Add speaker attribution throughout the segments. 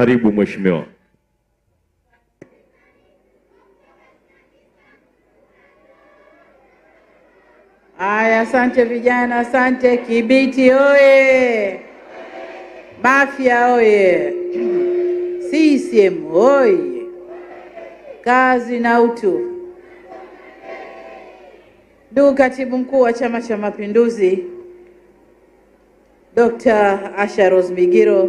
Speaker 1: Karibu mheshimiwa. Aya, asante vijana, asante Kibiti oye! Mafia oye! CCM oye! Kazi na utu. Ndugu katibu mkuu wa Chama cha Mapinduzi Dr. Asha Rose Migiro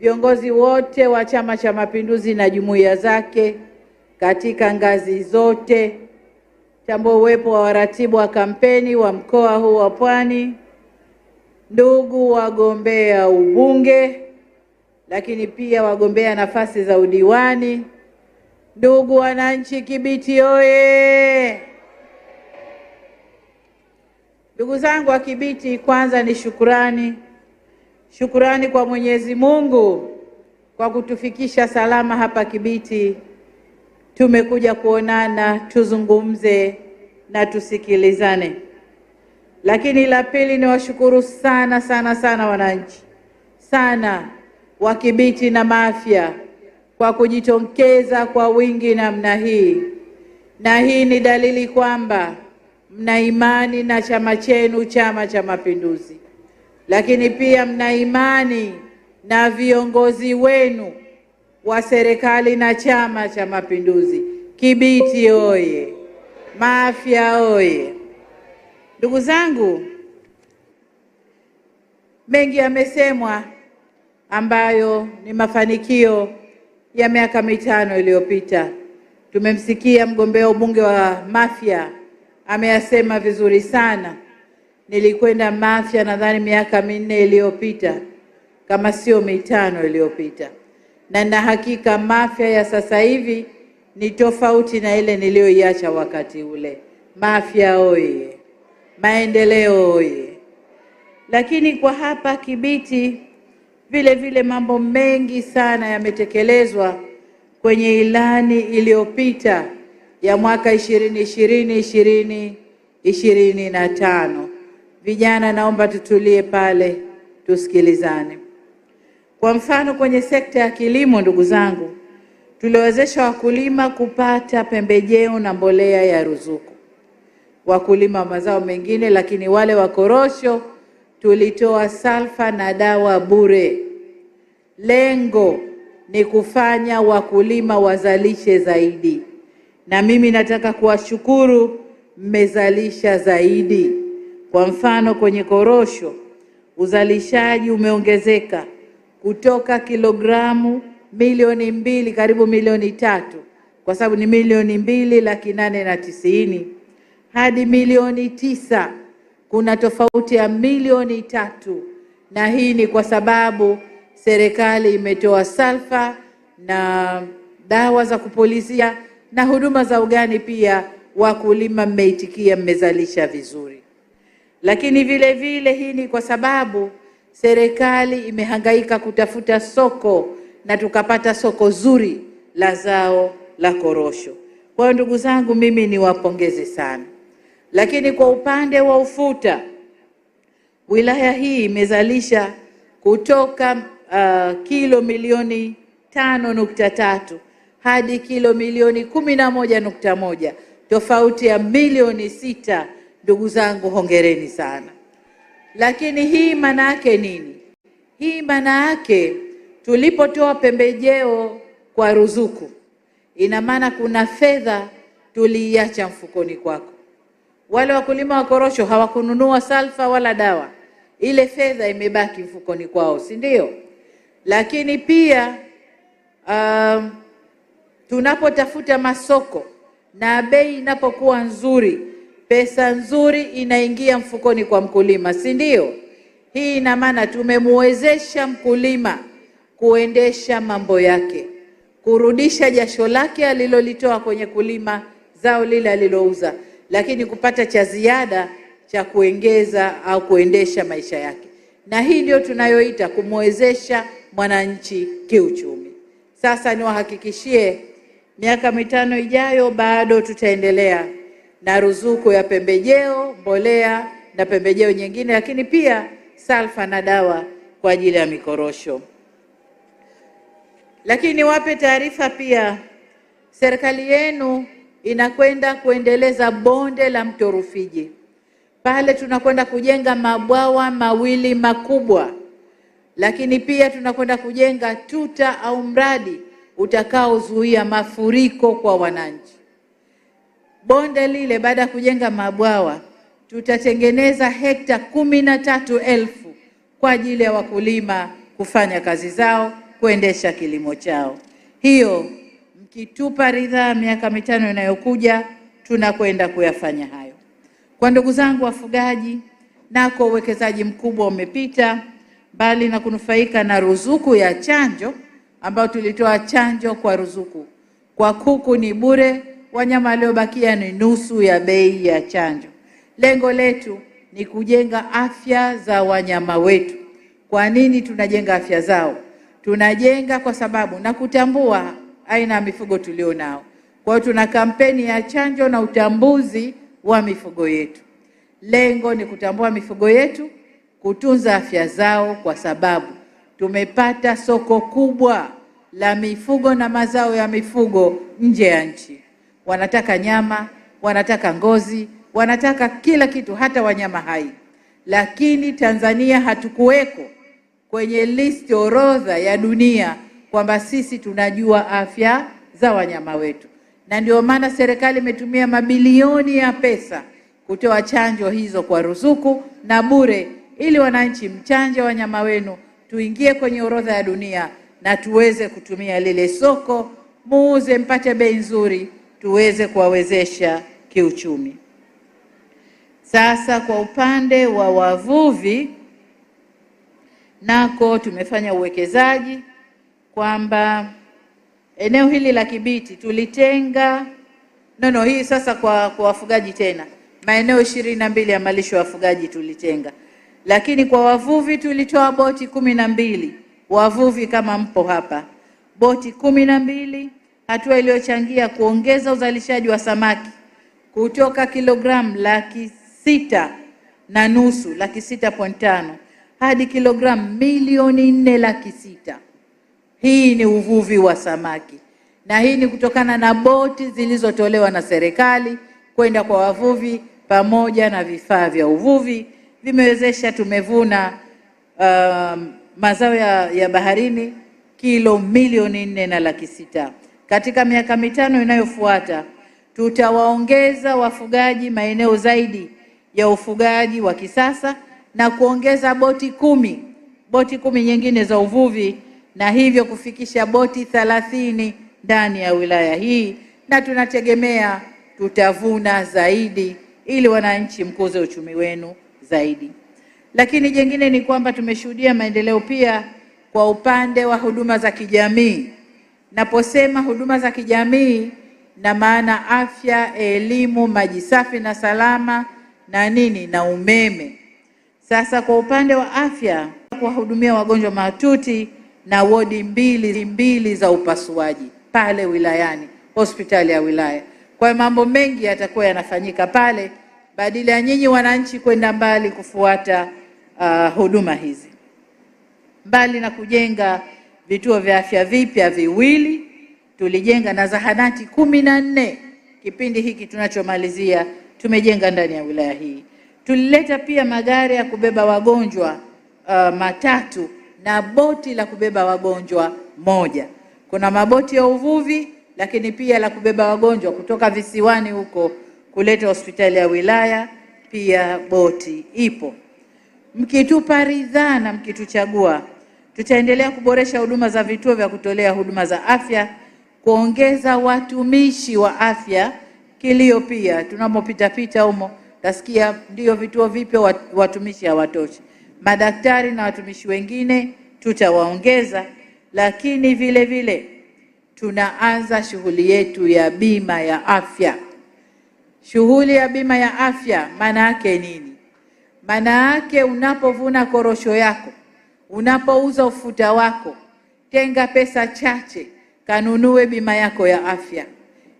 Speaker 1: viongozi wote wa Chama cha Mapinduzi na jumuiya zake katika ngazi zote, tambua uwepo wa waratibu wa kampeni wa mkoa huu wa Pwani, ndugu wagombea ubunge, lakini pia wagombea nafasi za udiwani, ndugu wananchi Kibiti oye! Ndugu zangu wa Kibiti, kwanza ni shukurani Shukurani kwa Mwenyezi Mungu kwa kutufikisha salama hapa Kibiti. Tumekuja kuonana, tuzungumze na tusikilizane. Lakini la pili ni washukuru sana sana sana wananchi sana wa Kibiti na Mafia kwa kujitokeza kwa wingi namna hii, na hii ni dalili kwamba mna imani na chama chenu, Chama cha Mapinduzi lakini pia mna imani na viongozi wenu wa serikali na Chama cha Mapinduzi. Kibiti oye! Mafia oye! Ndugu zangu, mengi yamesemwa ambayo ni mafanikio ya miaka mitano iliyopita. Tumemsikia mgombea ubunge wa Mafia ameyasema vizuri sana. Nilikwenda Mafia nadhani miaka minne iliyopita kama sio mitano iliyopita, na na hakika Mafia ya sasa hivi ni tofauti na ile niliyoiacha wakati ule. Mafia oye! Maendeleo oye! Lakini kwa hapa Kibiti vile vile mambo mengi sana yametekelezwa kwenye ilani iliyopita ya mwaka ishirini ishirini ishirini ishirini na tano. Vijana, naomba tutulie pale tusikilizane. Kwa mfano, kwenye sekta ya kilimo, ndugu zangu, tuliwezesha wakulima kupata pembejeo na mbolea ya ruzuku, wakulima wa mazao mengine, lakini wale wa korosho tulitoa salfa na dawa bure. Lengo ni kufanya wakulima wazalishe zaidi, na mimi nataka kuwashukuru, mmezalisha zaidi. Kwa mfano, kwenye korosho uzalishaji umeongezeka kutoka kilogramu milioni mbili karibu milioni tatu kwa sababu ni milioni mbili laki nane na tisini hadi milioni tisa kuna tofauti ya milioni tatu na hii ni kwa sababu serikali imetoa salfa na dawa za kupulizia na huduma za ugani pia. Wakulima mmeitikia, mmezalisha vizuri. Lakini vile vile hii ni kwa sababu serikali imehangaika kutafuta soko na tukapata soko zuri la zao la korosho. Kwa hiyo ndugu zangu, mimi niwapongeze sana. Lakini kwa upande wa ufuta, wilaya hii imezalisha kutoka uh, kilo milioni tano nukta tatu hadi kilo milioni kumi na moja nukta moja tofauti ya milioni sita Ndugu zangu, hongereni sana. Lakini hii maana yake nini? Hii maana yake tulipotoa pembejeo kwa ruzuku, ina maana kuna fedha tuliiacha mfukoni kwako. Wale wakulima wa korosho hawakununua salfa wala dawa, ile fedha imebaki mfukoni kwao, si ndio? Lakini pia um, tunapotafuta masoko na bei inapokuwa nzuri pesa nzuri inaingia mfukoni kwa mkulima, si ndio? Hii ina maana tumemwezesha mkulima kuendesha mambo yake, kurudisha jasho lake alilolitoa kwenye kulima zao lile alilouza, lakini kupata cha ziada cha kuongeza au kuendesha maisha yake, na hii ndio tunayoita kumwezesha mwananchi kiuchumi. Sasa niwahakikishie, miaka mitano ijayo bado tutaendelea na ruzuku ya pembejeo, mbolea na pembejeo nyingine, lakini pia salfa na dawa kwa ajili ya mikorosho. Lakini niwape taarifa pia, serikali yenu inakwenda kuendeleza bonde la mto Rufiji. Pale tunakwenda kujenga mabwawa mawili makubwa, lakini pia tunakwenda kujenga tuta au mradi utakaozuia mafuriko kwa wananchi bonde lile baada ya kujenga mabwawa tutatengeneza hekta kumi na tatu elfu kwa ajili ya wakulima kufanya kazi zao, kuendesha kilimo chao. Hiyo mkitupa ridhaa, miaka mitano inayokuja tunakwenda kuyafanya hayo. Kwa ndugu zangu wafugaji, nako uwekezaji mkubwa umepita mbali na kunufaika na ruzuku ya chanjo ambayo tulitoa chanjo kwa ruzuku kwa kuku ni bure wanyama waliobakia ni nusu ya bei ya chanjo. Lengo letu ni kujenga afya za wanyama wetu. Kwa nini tunajenga afya zao? Tunajenga kwa sababu na kutambua aina ya mifugo tulio nao. Kwa hiyo tuna kampeni ya chanjo na utambuzi wa mifugo yetu. Lengo ni kutambua mifugo yetu, kutunza afya zao, kwa sababu tumepata soko kubwa la mifugo na mazao ya mifugo nje ya nchi wanataka nyama, wanataka ngozi, wanataka kila kitu, hata wanyama hai. Lakini Tanzania hatukuweko kwenye listi orodha ya dunia kwamba sisi tunajua afya za wanyama wetu, na ndio maana serikali imetumia mabilioni ya pesa kutoa chanjo hizo kwa ruzuku na bure, ili wananchi mchanje wanyama wenu, tuingie kwenye orodha ya dunia na tuweze kutumia lile soko, muuze mpate bei nzuri tuweze kuwawezesha kiuchumi. Sasa kwa upande wa wavuvi nako tumefanya uwekezaji kwamba eneo hili la Kibiti tulitenga no, no, hii sasa kwa kwa wafugaji tena maeneo ishirini na mbili ya malisho ya wafugaji tulitenga, lakini kwa wavuvi tulitoa boti kumi na mbili. Wavuvi kama mpo hapa, boti kumi na mbili hatua iliyochangia kuongeza uzalishaji wa samaki kutoka kilogramu laki sita na nusu laki sita point tano hadi kilogramu milioni nne laki sita. Hii ni uvuvi wa samaki, na hii ni kutokana na boti zilizotolewa na serikali kwenda kwa wavuvi pamoja na vifaa vya uvuvi vimewezesha tumevuna uh, mazao ya, ya baharini kilo milioni nne na laki sita. Katika miaka mitano inayofuata tutawaongeza wafugaji maeneo zaidi ya ufugaji wa kisasa na kuongeza boti kumi boti kumi nyingine za uvuvi na hivyo kufikisha boti thelathini ndani ya wilaya hii, na tunategemea tutavuna zaidi ili wananchi mkuze uchumi wenu zaidi. Lakini jengine ni kwamba tumeshuhudia maendeleo pia kwa upande wa huduma za kijamii Naposema huduma za kijamii na maana afya, elimu, maji safi na salama na nini na umeme. Sasa kwa upande wa afya, kuwahudumia wagonjwa mahututi na wodi mbili mbili za upasuaji pale wilayani, hospitali ya wilaya. Kwa mambo mengi yatakuwa yanafanyika pale badala ya nyinyi wananchi kwenda mbali kufuata uh, huduma hizi mbali na kujenga vituo vya afya vipya viwili, tulijenga na zahanati kumi na nne kipindi hiki tunachomalizia tumejenga ndani ya wilaya hii. Tulileta pia magari ya kubeba wagonjwa uh, matatu na boti la kubeba wagonjwa moja. Kuna maboti ya uvuvi, lakini pia la kubeba wagonjwa kutoka visiwani huko kuleta hospitali ya wilaya, pia boti ipo. Mkitupa ridhaa na mkituchagua Tutaendelea kuboresha huduma za vituo vya kutolea huduma za afya, kuongeza watumishi wa afya. Kilio pia tunapopitapita humo tasikia ndio vituo vipya watumishi hawatoshi. Madaktari na watumishi wengine tutawaongeza, lakini vile vile tunaanza shughuli yetu ya bima ya afya. Shughuli ya bima ya afya maana yake nini? Maana yake unapovuna korosho yako Unapouza ufuta wako, tenga pesa chache, kanunue bima yako ya afya.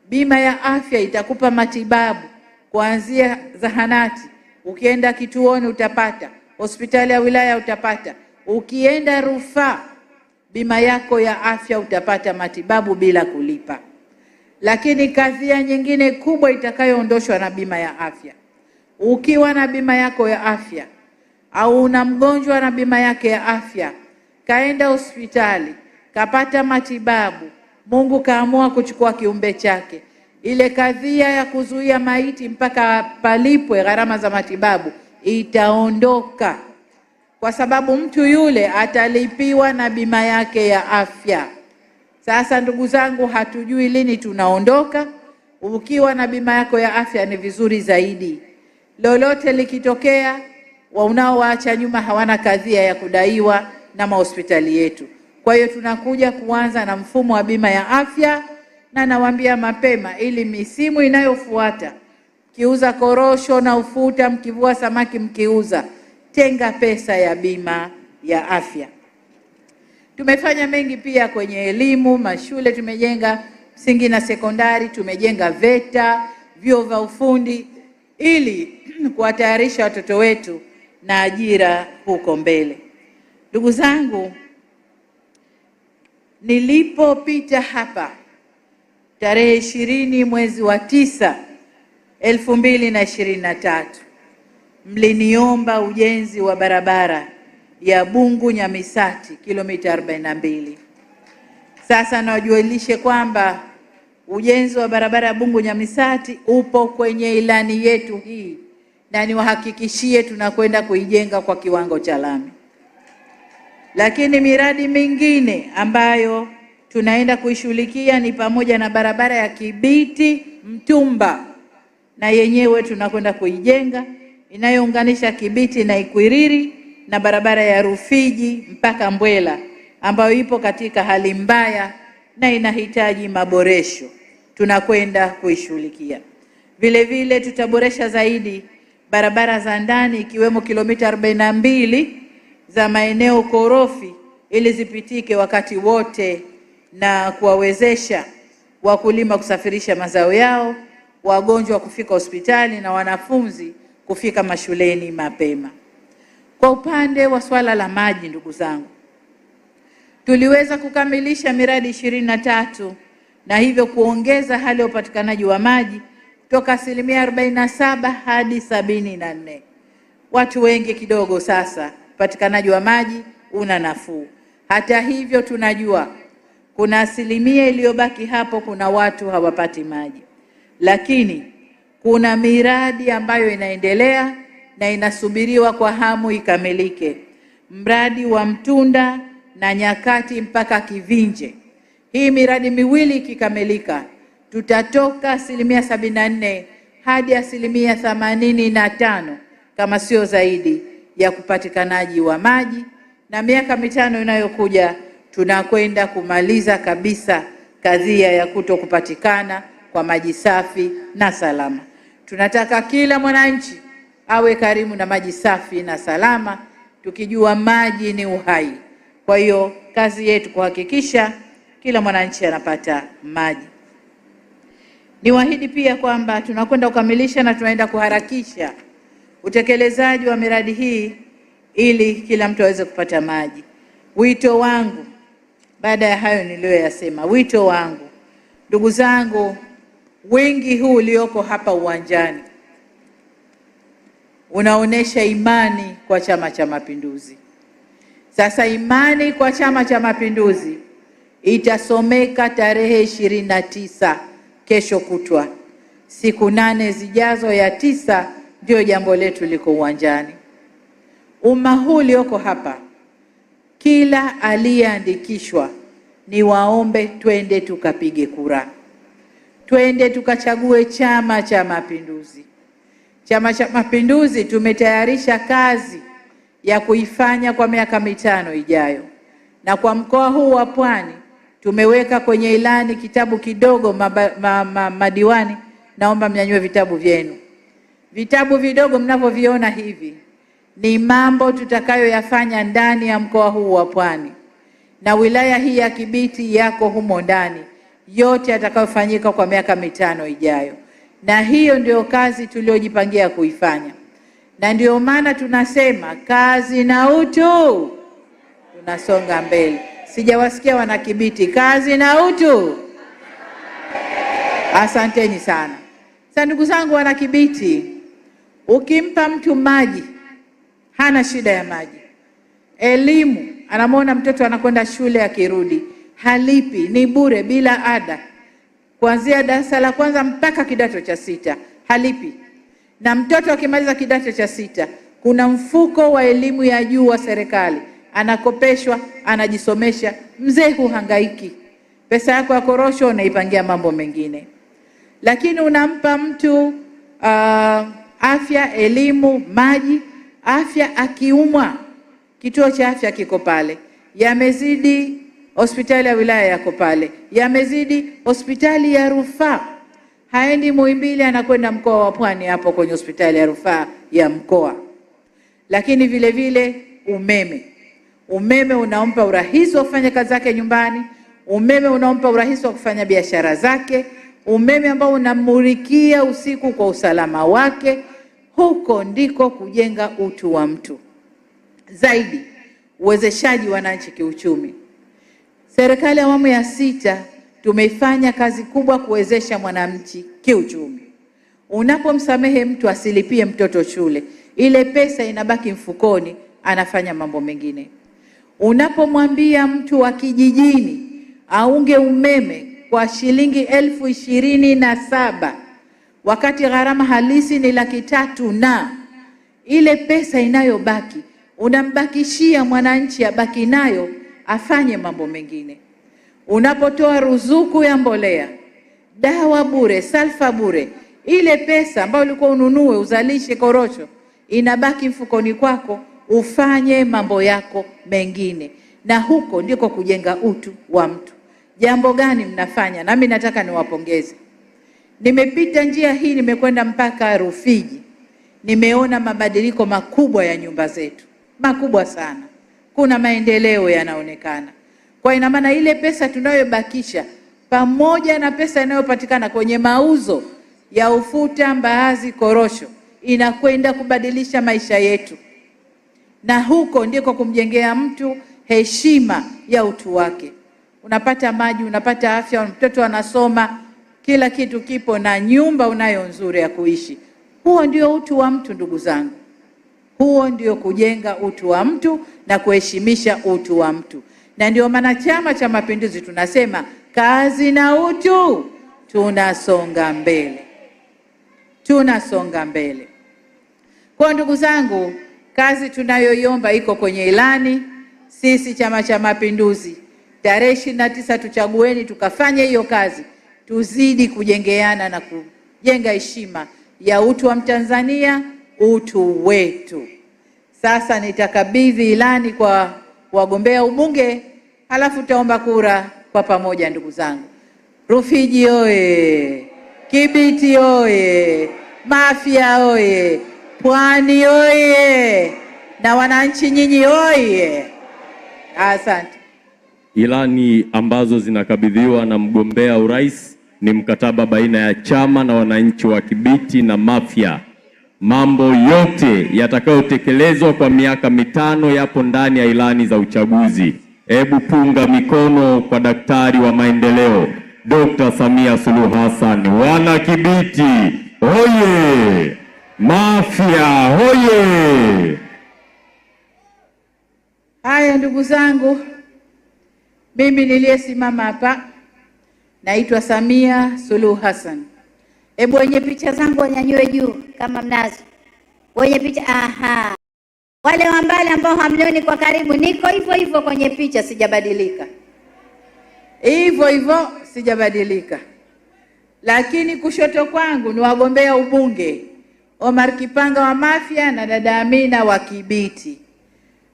Speaker 1: Bima ya afya itakupa matibabu kuanzia zahanati, ukienda kituoni utapata, hospitali ya wilaya utapata, ukienda rufaa, bima yako ya afya utapata matibabu bila kulipa. Lakini kadhia nyingine kubwa itakayoondoshwa na bima ya afya, ukiwa na bima yako ya afya au una mgonjwa na bima yake ya afya, kaenda hospitali kapata matibabu, Mungu kaamua kuchukua kiumbe chake, ile kadhia ya kuzuia maiti mpaka palipwe gharama za matibabu itaondoka, kwa sababu mtu yule atalipiwa na bima yake ya afya. Sasa ndugu zangu, hatujui lini tunaondoka. Ukiwa na bima yako ya afya ni vizuri zaidi, lolote likitokea unaowaacha nyuma hawana kadhia ya kudaiwa na mahospitali yetu. Kwa hiyo tunakuja kuanza na mfumo wa bima ya afya, na nawaambia mapema, ili misimu inayofuata mkiuza korosho na ufuta, mkivua samaki, mkiuza, tenga pesa ya bima ya afya. Tumefanya mengi pia kwenye elimu, mashule tumejenga msingi na sekondari, tumejenga VETA, vyuo vya ufundi ili kuwatayarisha watoto wetu na ajira huko mbele. Ndugu zangu, nilipopita hapa tarehe ishirini mwezi wa tisa elfu mbili na ishirini na tatu mliniomba ujenzi wa barabara ya Bungu Nyamisati kilomita 42. Sasa nawajulishe kwamba ujenzi wa barabara ya Bungu Nyamisati upo kwenye ilani yetu hii na niwahakikishie tunakwenda kuijenga kwa kiwango cha lami. Lakini miradi mingine ambayo tunaenda kuishughulikia ni pamoja na barabara ya Kibiti Mtumba, na yenyewe tunakwenda kuijenga inayounganisha Kibiti na Ikwiriri na barabara ya Rufiji mpaka Mbwela ambayo ipo katika hali mbaya na inahitaji maboresho, tunakwenda kuishughulikia. Vile vile tutaboresha zaidi barabara za ndani ikiwemo kilomita 42 mbili za maeneo korofi ili zipitike wakati wote na kuwawezesha wakulima kusafirisha mazao yao, wagonjwa kufika hospitali na wanafunzi kufika mashuleni mapema. Kwa upande wa swala la maji, ndugu zangu, tuliweza kukamilisha miradi ishirini na tatu na hivyo kuongeza hali ya upatikanaji wa maji toka asilimia 47 hadi sabini na nne. Watu wengi kidogo sasa upatikanaji wa maji una nafuu. Hata hivyo, tunajua kuna asilimia iliyobaki hapo, kuna watu hawapati maji, lakini kuna miradi ambayo inaendelea na inasubiriwa kwa hamu ikamilike. Mradi wa Mtunda na Nyakati mpaka Kivinje, hii miradi miwili ikikamilika tutatoka asilimia sabini na nne hadi asilimia themanini na tano kama sio zaidi ya upatikanaji wa maji, na miaka mitano inayokuja tunakwenda kumaliza kabisa kadhia ya kuto kupatikana kwa maji safi na salama. Tunataka kila mwananchi awe karibu na maji safi na salama, tukijua maji ni uhai. Kwa hiyo kazi yetu kuhakikisha kila mwananchi anapata maji. Niwaahidi pia kwamba tunakwenda kukamilisha na tunaenda kuharakisha utekelezaji wa miradi hii ili kila mtu aweze kupata maji. Wito wangu baada ya hayo niliyoyasema, wito wangu ndugu zangu, wingi huu ulioko hapa uwanjani unaonyesha imani kwa Chama cha Mapinduzi. Sasa imani kwa Chama cha Mapinduzi itasomeka tarehe ishirini na tisa kesho kutwa, siku nane zijazo, ya tisa ndiyo jambo letu liko uwanjani. Umma huu ulioko hapa, kila aliyeandikishwa ni waombe twende tukapige kura, twende tukachague Chama cha Mapinduzi. Chama cha Mapinduzi tumetayarisha kazi ya kuifanya kwa miaka mitano ijayo, na kwa mkoa huu wa Pwani Tumeweka kwenye ilani kitabu kidogo maba, ma, ma, madiwani, naomba mnyanyue vitabu vyenu. Vitabu vidogo mnavyoviona hivi ni mambo tutakayoyafanya ndani ya mkoa huu wa Pwani na wilaya hii ya Kibiti yako humo ndani, yote yatakayofanyika kwa miaka mitano ijayo, na hiyo ndio kazi tuliyojipangia kuifanya, na ndio maana tunasema kazi na utu, tunasonga mbele. Sijawasikia wanakibiti. Kazi na utu, asanteni sana. Sasa ndugu zangu, wanakibiti, ukimpa mtu maji hana shida ya maji. Elimu, anamwona mtoto anakwenda shule, akirudi halipi, ni bure, bila ada, kuanzia darasa la kwanza mpaka kidato cha sita halipi. Na mtoto akimaliza kidato cha sita, kuna mfuko wa elimu ya juu wa serikali anakopeshwa, anajisomesha. Mzee huhangaiki, pesa yako ya korosho unaipangia mambo mengine, lakini unampa mtu uh, afya, elimu, maji, afya. Akiumwa kituo cha afya kiko pale, yamezidi hospitali ya wilaya yako pale, yamezidi hospitali ya rufaa. Haendi Muhimbili, anakwenda mkoa wa Pwani, hapo kwenye hospitali ya rufaa ya mkoa. Lakini vile vile umeme Umeme unampa urahisi wa kufanya kazi zake nyumbani, umeme unampa urahisi wa kufanya biashara zake, umeme ambao unamulikia usiku kwa usalama wake. Huko ndiko kujenga utu wa mtu. Zaidi, uwezeshaji wananchi kiuchumi. Serikali ya awamu ya sita tumeifanya kazi kubwa kuwezesha mwananchi kiuchumi. Unapomsamehe mtu asilipie mtoto shule, ile pesa inabaki mfukoni, anafanya mambo mengine. Unapomwambia mtu wa kijijini aunge umeme kwa shilingi elfu ishirini na saba wakati gharama halisi ni laki tatu na ile pesa inayobaki unambakishia mwananchi abaki nayo afanye mambo mengine. Unapotoa ruzuku ya mbolea, dawa bure, salfa bure, ile pesa ambayo ulikuwa ununue uzalishe korosho inabaki mfukoni kwako ufanye mambo yako mengine, na huko ndiko kujenga utu wa mtu. Jambo gani mnafanya? Nami nataka niwapongeze. Nimepita njia hii, nimekwenda mpaka Rufiji, nimeona mabadiliko makubwa ya nyumba zetu, makubwa sana. Kuna maendeleo yanaonekana. Kwa ina maana ile pesa tunayobakisha pamoja na pesa inayopatikana kwenye mauzo ya ufuta, mbaazi, korosho inakwenda kubadilisha maisha yetu na huko ndiko kumjengea mtu heshima ya utu wake. Unapata maji, unapata afya, mtoto anasoma, kila kitu kipo na nyumba unayo nzuri ya kuishi. Huo ndio utu wa mtu, ndugu zangu. Huo ndio kujenga utu wa mtu na kuheshimisha utu wa mtu, na ndio maana Chama cha Mapinduzi tunasema kazi na utu, tunasonga mbele, tunasonga mbele. Kwa ndugu zangu Kazi tunayoiomba iko kwenye ilani. Sisi Chama cha Mapinduzi, tarehe ishirini na tisa tuchagueni, tukafanye hiyo kazi, tuzidi kujengeana na kujenga heshima ya utu wa Mtanzania, utu wetu. Sasa nitakabidhi ilani kwa wagombea ubunge, halafu taomba kura kwa pamoja. Ndugu zangu, Rufiji oye! Kibiti oye! Mafia oye! Pwani oye! Na wananchi nyinyi oye! Asante.
Speaker 2: Ilani ambazo zinakabidhiwa na mgombea urais ni mkataba baina ya chama na wananchi wa Kibiti na Mafia. Mambo yote yatakayotekelezwa kwa miaka mitano yapo ndani ya ilani za uchaguzi. Hebu punga mikono kwa daktari wa maendeleo Dr. Samia Suluhu Hassan. Wana Kibiti oye! Mafia hoye!
Speaker 1: Haya, ndugu zangu, mimi niliyesimama hapa naitwa Samia Suluhu Hassan. Hebu wenye picha zangu wanyanyue juu kama mnazo, wenye picha. Aha, wale mbali ambao hamnioni kwa karibu, niko hivyo hivyo kwenye picha, sijabadilika, hivyo hivyo sijabadilika. Lakini kushoto kwangu ni wagombea ubunge Omar Kipanga wa Mafia na dada Amina wa Kibiti.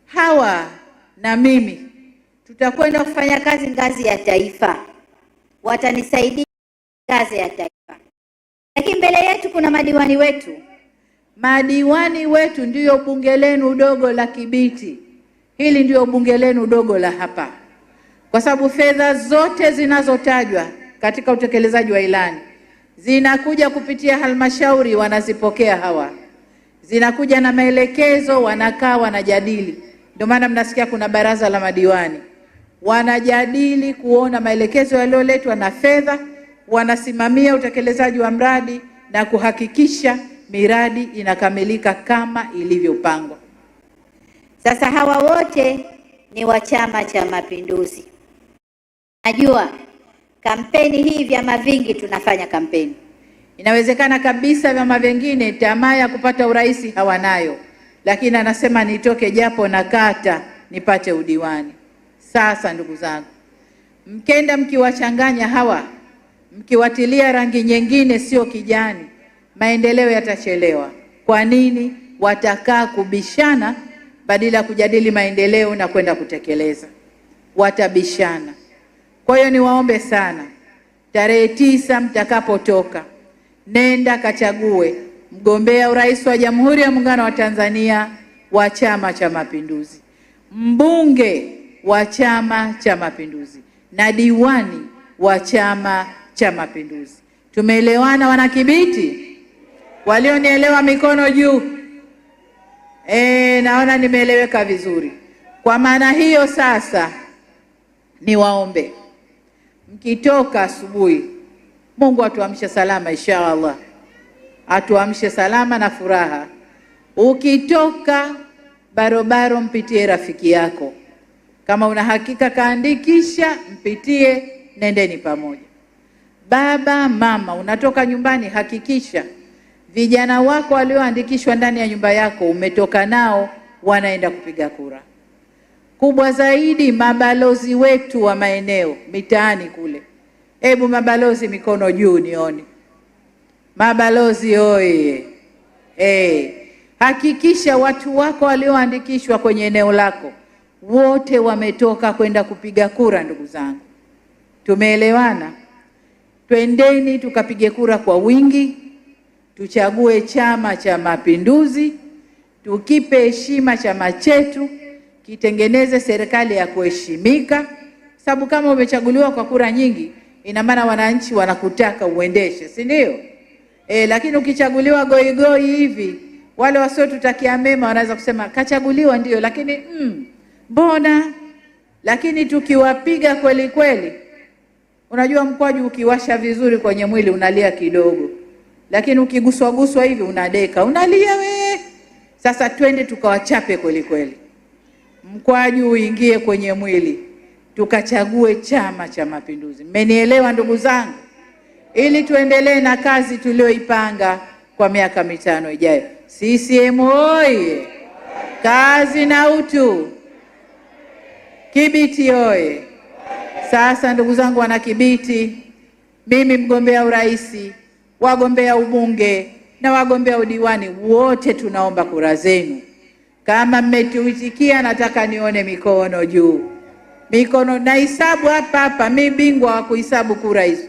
Speaker 1: Hawa na mimi tutakwenda kufanya kazi ngazi ya taifa, watanisaidia ngazi ya taifa. Lakini mbele yetu kuna madiwani wetu, madiwani wetu ndiyo bunge lenu dogo la Kibiti, hili ndiyo bunge lenu dogo la hapa, kwa sababu fedha zote zinazotajwa katika utekelezaji wa ilani zinakuja kupitia halmashauri, wanazipokea hawa, zinakuja na maelekezo, wanakaa wanajadili. Ndio maana mnasikia kuna baraza la madiwani, wanajadili kuona maelekezo yaliyoletwa na fedha, wanasimamia utekelezaji wa mradi na kuhakikisha miradi inakamilika kama ilivyopangwa. Sasa hawa wote ni wa Chama cha Mapinduzi. Najua Kampeni hii vyama vingi tunafanya kampeni. Inawezekana kabisa vyama vingine tamaa ya kupata urais hawanayo, lakini anasema nitoke japo na kata nipate udiwani. Sasa ndugu zangu, mkenda mkiwachanganya hawa, mkiwatilia rangi nyingine sio kijani, maendeleo yatachelewa. Kwa nini? Watakaa kubishana badala ya kujadili maendeleo na kwenda kutekeleza, watabishana. Kwa hiyo niwaombe sana, tarehe tisa mtakapotoka, nenda kachague mgombea urais wa Jamhuri ya Muungano wa Tanzania wa Chama cha Mapinduzi, mbunge wa Chama cha Mapinduzi na diwani wa Chama cha Mapinduzi. Tumeelewana wana kibiti Walionielewa mikono juu. E, naona nimeeleweka vizuri. Kwa maana hiyo sasa niwaombe mkitoka asubuhi, Mungu atuamshe salama insha Allah, atuamshe salama na furaha. Ukitoka barobaro, mpitie rafiki yako, kama una hakika kaandikisha, mpitie, nendeni pamoja. Baba mama, unatoka nyumbani, hakikisha vijana wako walioandikishwa ndani ya nyumba yako umetoka nao, wanaenda kupiga kura kubwa zaidi mabalozi wetu wa maeneo mitaani kule. Hebu mabalozi mikono juu nione. Mabalozi oye! Hey, eh, hakikisha watu wako walioandikishwa kwenye eneo lako wote wametoka kwenda kupiga kura. Ndugu zangu, tumeelewana? Twendeni tukapige kura kwa wingi, tuchague Chama cha Mapinduzi, tukipe heshima chama chetu kitengeneze serikali ya kuheshimika, sababu kama umechaguliwa kwa kura nyingi, ina maana wananchi wanakutaka uendeshe, si ndio? E, lakini ukichaguliwa goigoi hivi, wale wasiotutakia mema wanaweza kusema kachaguliwa ndio, lakini mm, mbona. Lakini tukiwapiga kweli kweli, unajua mkwaju ukiwasha vizuri kwenye mwili unalia kidogo, lakini ukiguswaguswa hivi unadeka, unalia we. Sasa twende tukawachape kweli kweli mkwaju uingie kwenye mwili, tukachague Chama cha Mapinduzi. Mmenielewa ndugu zangu, ili tuendelee na kazi tuliyoipanga kwa miaka mitano ijayo. CCM oye! Kazi na utu! Kibiti oye! Sasa ndugu zangu, wana Kibiti, mimi mgombea urais, wagombea ubunge na wagombea udiwani wote tunaomba kura zenu. Kama mmetuitikia, nataka nione mikono juu. Mikono hisabu hapa hapa, mi bingwa wa kuhisabu kura hizo.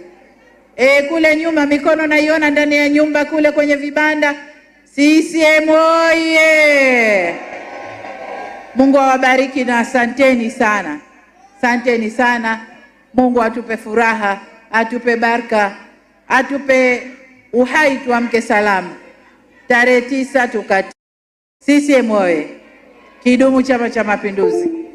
Speaker 1: E, kule nyuma mikono naiona ndani ya nyumba kule kwenye vibanda. CCM oye! Mungu awabariki na asanteni sana, asanteni sana. Mungu atupe furaha, atupe baraka, atupe uhai, tuamke salama tarehe tisa tukati CCM oye! Kidumu Chama cha Mapinduzi!